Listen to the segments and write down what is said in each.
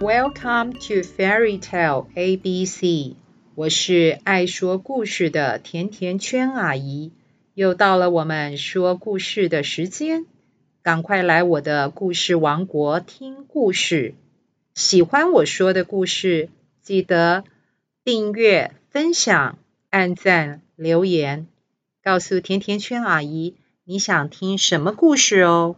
Welcome to Fairy Tale ABC。我是愛說故事的甜甜圈阿姨，又到了我們說故事的時間，趕快來我的故事王國聽故事。喜歡我說的故事，記得訂閱、分享、按讚、留言，告訴甜甜圈阿姨你想聽什麼故事哦。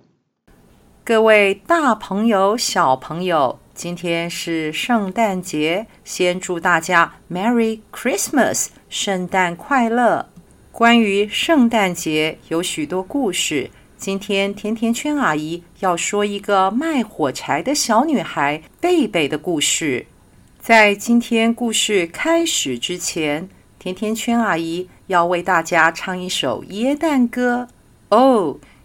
各位大朋友、小朋友。今天是聖誕節，先祝大家 Merry Christmas，聖誕快樂。關於聖誕節有許多故事，今天甜甜圈阿姨要說一個賣火柴的小女孩貝貝的故事。在今天故事開始之前，甜甜圈阿姨要為大家唱一首《耶誕歌》。哦。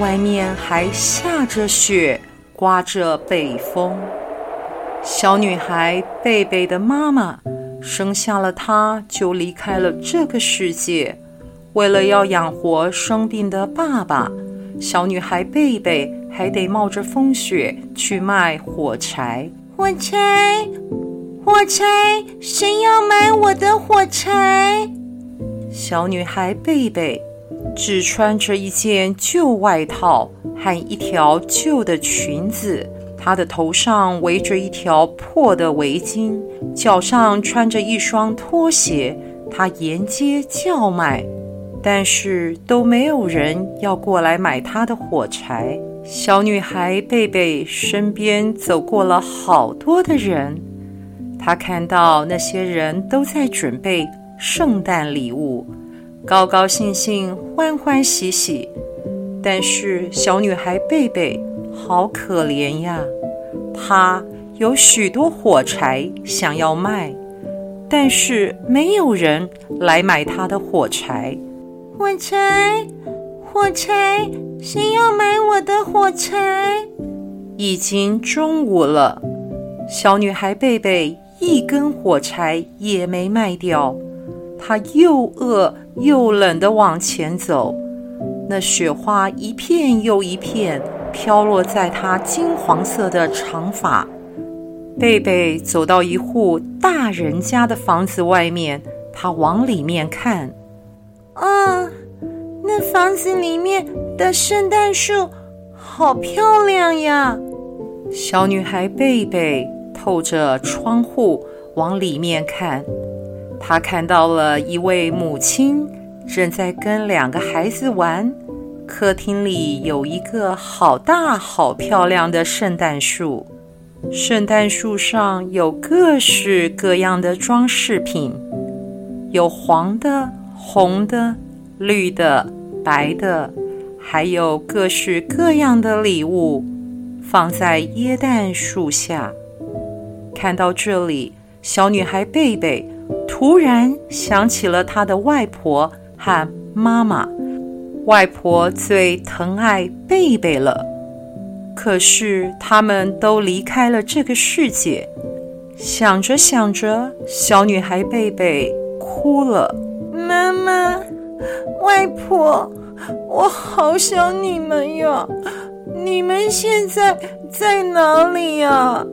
外面還下着雪，颳着北風。小女孩貝貝的媽媽生下了她，就離開了這個世界。為了要養活生病的爸爸，小女孩貝貝還得冒着風雪去賣火柴。火柴，火柴，誰要買我的火柴？小女孩貝貝。只穿着一件舊外套和一條舊的裙子，她的頭上圍着一條破的圍巾，腳上穿着一雙拖鞋。她沿街叫賣，但是都沒有人要過來買她的火柴。小女孩貝貝身邊走過了好多的人，她看到那些人都在準備聖誕禮物。高高興興，歡歡喜喜，但是小女孩貝貝好可憐呀！她有許多火柴想要賣，但是沒有人來買她的火柴。火柴，火柴，誰要買我的火柴？已經中午了，小女孩貝貝一根火柴也沒賣掉，她又餓。又冷的往前走，那雪花一片又一片飄落在她金黃色的長髮。貝貝走到一戶大人家的房子外面，她往裡面看。啊，那房子裡面的聖誕樹好漂亮呀！小女孩貝貝透着窗戶往裡面看。他看到了一位母親正在跟兩個孩子玩。客廳裡有一個好大好漂亮的聖誕樹，聖誕樹上有各式各樣的裝飾品，有黃的、紅的、綠的、白的，還有各式各樣的禮物放在耶誕樹下。看到這裡，小女孩貝貝。突然想起了她的外婆和媽媽，外婆最疼愛貝貝了。可是他們都離開了這個世界。想着想着，小女孩貝貝哭了：“媽媽，外婆，我好想你們呀！你們現在在哪裡呀？”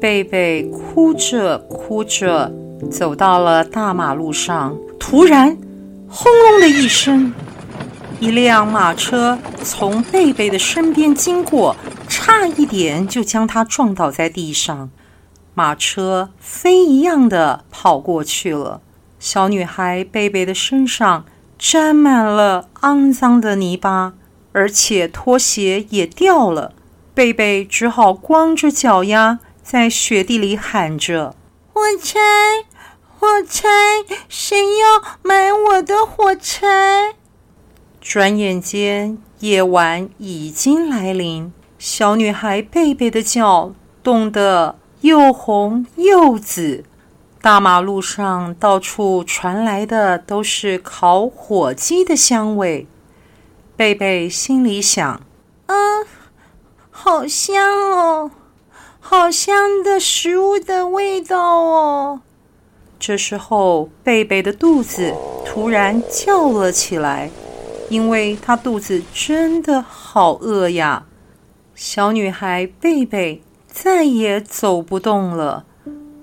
貝貝哭着哭着。走到了大馬路上，突然，轟隆的一聲，一輛馬車從貝貝的身邊經過，差一點就將她撞倒在地上。馬車飛一樣的跑過去了，小女孩貝貝的身上沾滿了骯髒的泥巴，而且拖鞋也掉了。貝貝只好光着腳丫在雪地裡喊着：“火柴。”火柴，誰要買我的火柴？轉眼間，夜晚已經來臨。小女孩貝貝的腳凍得又紅又紫。大馬路上到處傳來的都是烤火雞的香味。貝貝心裡想：“啊、嗯，好香哦，好香的食物的味道哦。”這時候，貝貝的肚子突然叫了起來，因為她肚子真的好餓呀。小女孩貝貝再也走不動了，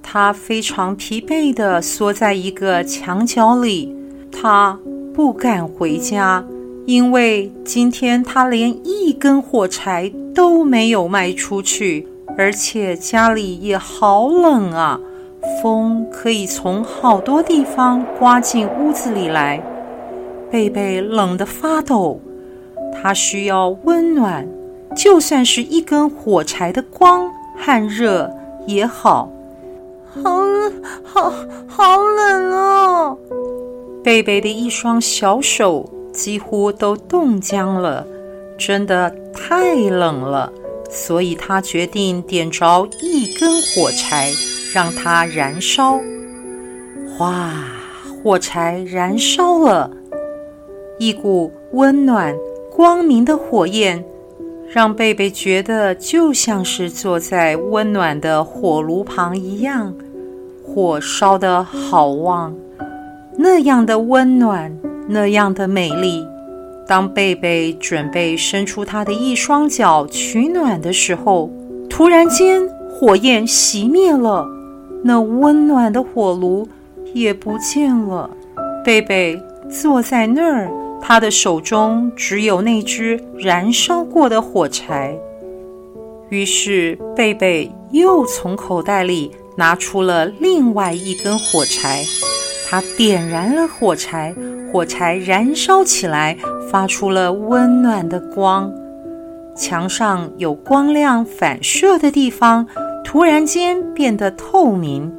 她非常疲憊地縮在一個牆角裡。她不敢回家，因為今天她連一根火柴都沒有賣出去，而且家裡也好冷啊。風可以從好多地方颳進屋子裡來，貝貝冷得發抖，他需要溫暖，就算是一根火柴的光和熱也好。好冷，好，好冷哦、啊！貝貝的一雙小手幾乎都凍僵了，真的太冷了，所以他決定點着一根火柴。讓它燃燒！哇，火柴燃燒了，一股溫暖光明的火焰，讓貝貝覺得就像是坐在溫暖的火爐旁一樣。火燒得好旺，那樣的溫暖，那樣的美麗。當貝貝準備伸出她的一雙腳取暖的時候，突然間火焰熄滅了。那溫暖的火爐也不見了。貝貝坐在那兒，他的手中只有那隻燃燒過的火柴。於是，貝貝又從口袋裡拿出了另外一根火柴。他點燃了火柴，火柴燃燒起來，發出了溫暖的光。牆上有光亮反射的地方，突然間變得透明，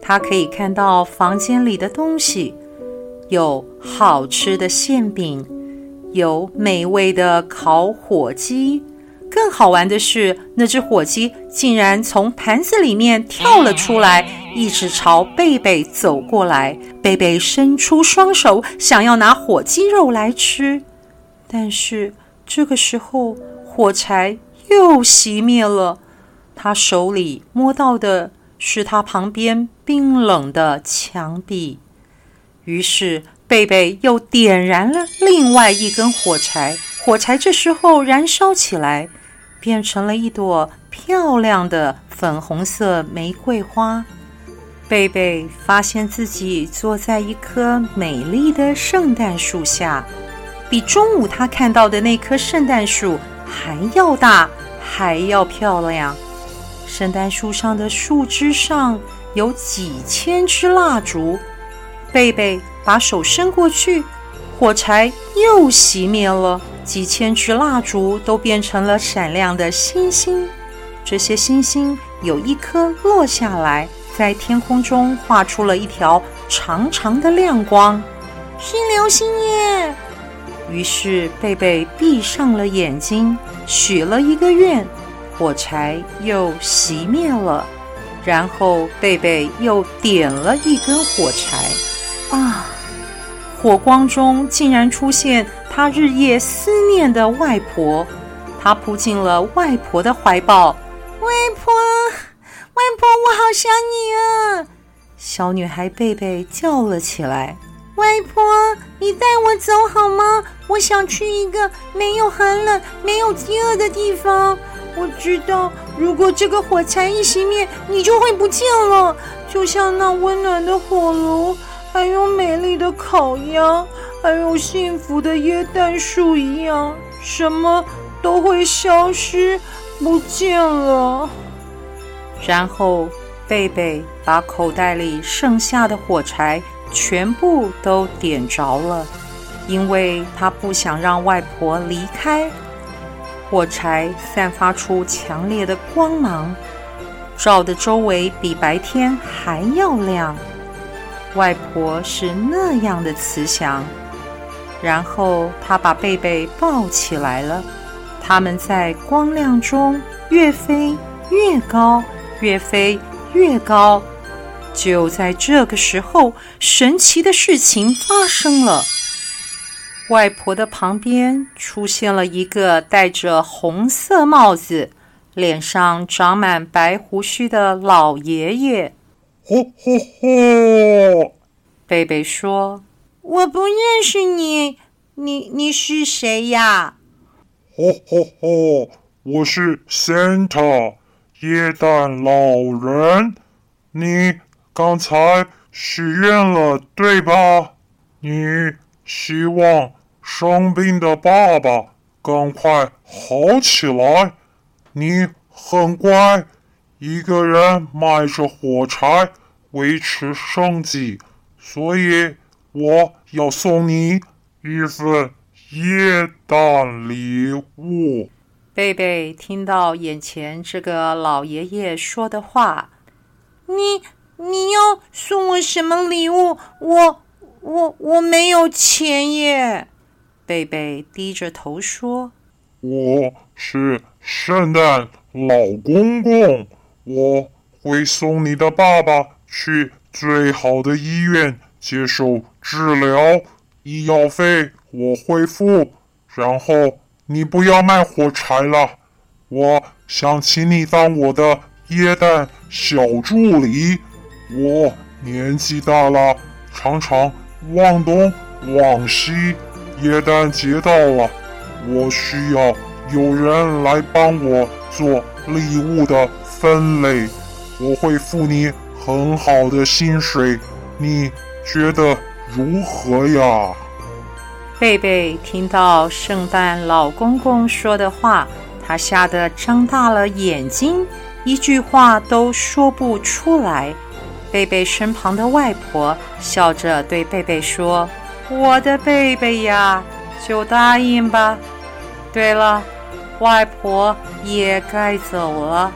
他可以看到房間裡的東西，有好吃的餡餅，有美味的烤火雞。更好玩的是，那隻火雞竟然從盤子裡面跳了出來，一直朝貝貝走過來。貝貝伸出雙手，想要拿火雞肉來吃，但是這個時候火柴又熄滅了。他手裡摸到的是他旁邊冰冷的牆壁，於是貝貝又點燃了另外一根火柴，火柴這時候燃燒起來，變成了一朵漂亮的粉紅色玫瑰花。貝貝發現自己坐在一棵美麗的聖誕樹下，比中午他看到的那棵聖誕樹還要大，還要漂亮。聖誕樹上的樹枝上有幾千支蠟燭，貝貝把手伸過去，火柴又熄滅了。幾千支蠟燭都變成了閃亮的星星，這些星星有一顆落下來，在天空中畫出了一條長長的亮光，是流星耶！於是貝貝閉上了眼睛，許了一個願。火柴又熄滅了，然後貝貝又點了一根火柴。啊！火光中竟然出現她日夜思念的外婆，她撲進了外婆的懷抱。外婆，外婆，我好想你啊！小女孩貝貝叫了起來：“外婆，你帶我走好嗎？我想去一個沒有寒冷、沒有飢餓的地方。”我知道，如果這個火柴一熄滅，你就會不見了，就像那溫暖的火爐，還有美麗的烤鴨，還有幸福的耶誕樹一樣，什麼都會消失不見了。然後，貝貝把口袋裡剩下的火柴全部都點着了，因為他不想讓外婆離開。火柴散發出強烈的光芒，照得周圍比白天還要亮。外婆是那樣的慈祥，然後她把貝貝抱起來了。他們在光亮中越飛越高，越飛越高。就在這個時候，神奇的事情發生了。外婆的旁邊出現了一個戴着紅色帽子、臉上長滿白鬍鬚的老爺爺。哦吼吼！貝貝說：“我不認識你，你你，你是誰呀？”哦吼吼！我是 Santa，耶誕老人。你剛才許願了，對吧？你。希望生病的爸爸趕快好起來。你很乖，一個人賣着火柴維持生計，所以我要送你一份耶誕禮物。貝貝聽到眼前這個老爺爺說的話：“你你要送我什麼禮物？我。”我我沒有錢耶，貝貝低着頭說：“我是聖誕老公公，我會送你的爸爸去最好的醫院接受治療，醫藥費我會付。然後你不要賣火柴了，我想請你當我的耶誕小助理。我年紀大了，常常……”往東，往西，耶誕節到了，我需要有人來幫我做禮物的分類，我會付你很好的薪水，你覺得如何呀？貝貝聽到聖誕老公公說的話，他嚇得張大了眼睛，一句話都說不出來。貝貝身旁的外婆笑着對貝貝說：“我的貝貝呀，就答應吧。”對了，外婆也該走了。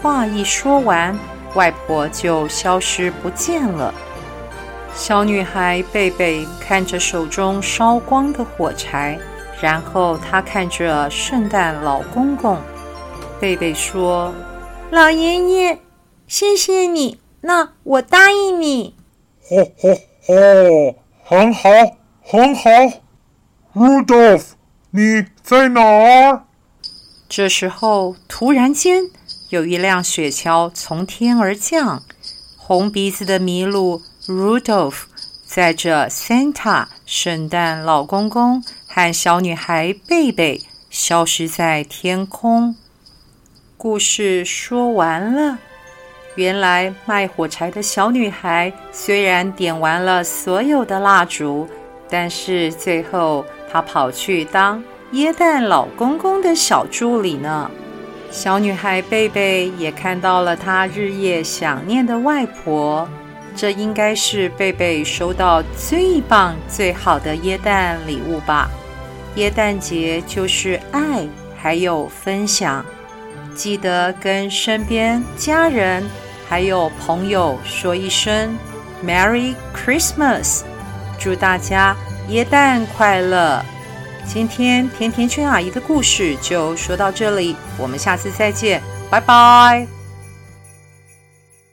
話一說完，外婆就消失不見了。小女孩貝貝看着手中燒光的火柴，然後她看着聖誕老公公。貝貝說：“老爺爺，謝謝你。”那我答應你。哈哈哈，很好，很好。Rudolph，你在哪兒？這時候，突然間有一輛雪橇從天而降，紅鼻子的麋鹿 Rudolph，載著 Santa 聖誕老公公和小女孩貝貝消失在天空。故事說完了。原來賣火柴的小女孩雖然點完了所有的蠟燭，但是最後她跑去當耶誕老公公的小助理呢。小女孩貝貝也看到了她日夜想念的外婆，這應該是貝貝收到最棒、最好的耶誕禮物吧。耶誕節就是愛，還有分享。記得跟身邊家人，還有朋友說一聲 “Merry Christmas”，祝大家耶誕快樂！今天甜甜圈阿姨的故事就說到這裡，我們下次再見，拜拜。